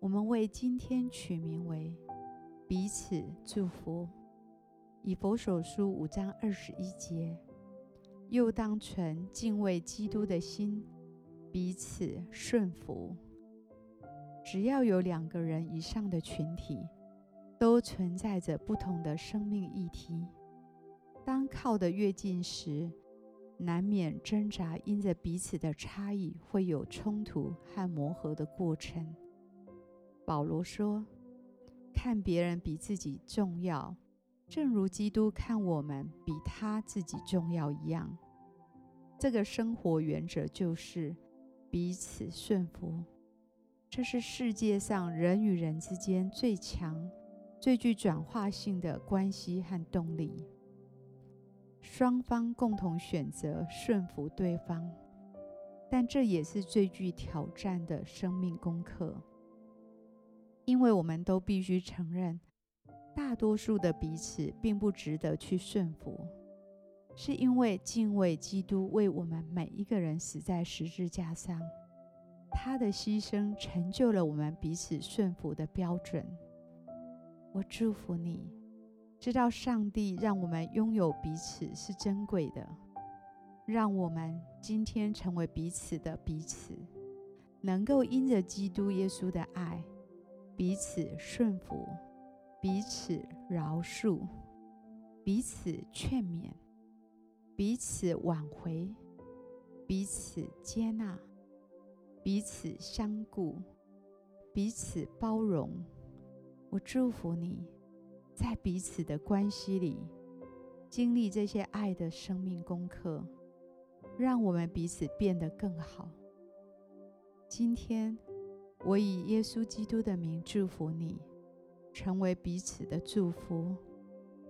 我們為今天取名為“彼此祝福”，以弗所書五章二十一節，又當存敬畏基督的心，彼此順服。只要有兩個人以上的群體，都存在着不同的生命議題。當靠得越近時，難免掙扎，因着彼此的差異，會有衝突和磨合的過程。保羅說：“看別人比自己重要，正如基督看我們比他自己重要一樣。”這個生活原則就是彼此順服。這是世界上人與人之間最強、最具轉化性的關係和動力。雙方共同選擇順服對方，但這也是最具挑戰的生命功課。因為我們都必須承認，大多數的彼此並不值得去順服，是因為敬畏基督為我們每一個人死在十字架上，他的犧牲成就了我們彼此順服的標準。我祝福你，知道上帝讓我們擁有彼此是珍貴的，讓我們今天成為彼此的彼此，能夠因着基督耶穌的愛。彼此順服，彼此饒恕，彼此勸勉，彼此挽回，彼此接納，彼此相顧，彼此包容。我祝福你，在彼此的關係裡經歷這些愛的生命功課，讓我們彼此變得更好。今天。我以耶穌基督的名祝福你，成為彼此的祝福。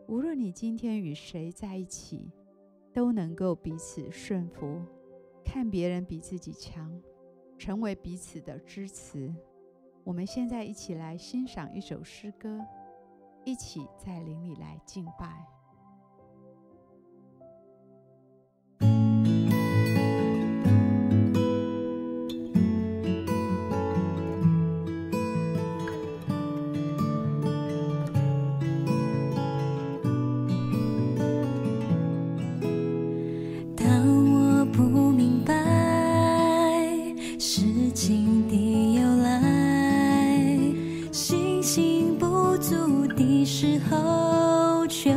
無論你今天與誰在一起，都能夠彼此順服，看別人比自己強，成為彼此的支持。我們現在一起來欣賞一首詩歌，一起在靈裡來敬拜。無助的時候求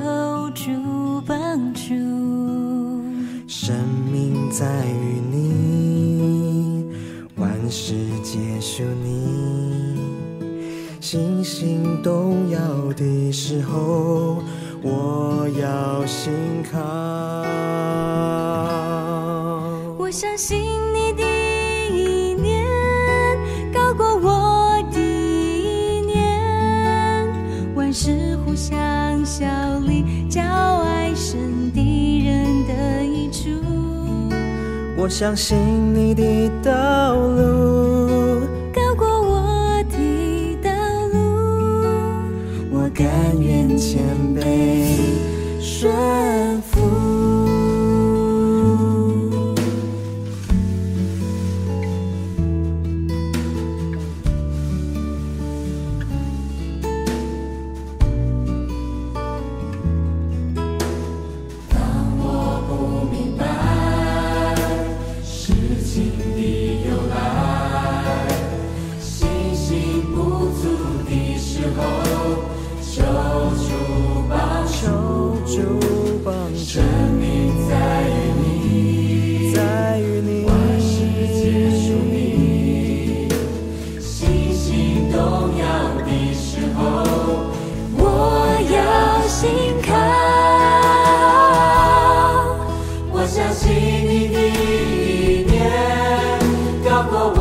助，幫助生命在於你，萬事皆屬你。信心動搖的時候，我要信靠。我相信。我相信你的道路高過我的道路，我甘願謙卑順。生命在於你，在於你。萬世皆屬你。信心動搖的時候，我要信靠。我相信你的應驗高過我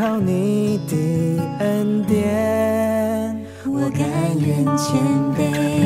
靠你的恩典，我甘願謙卑。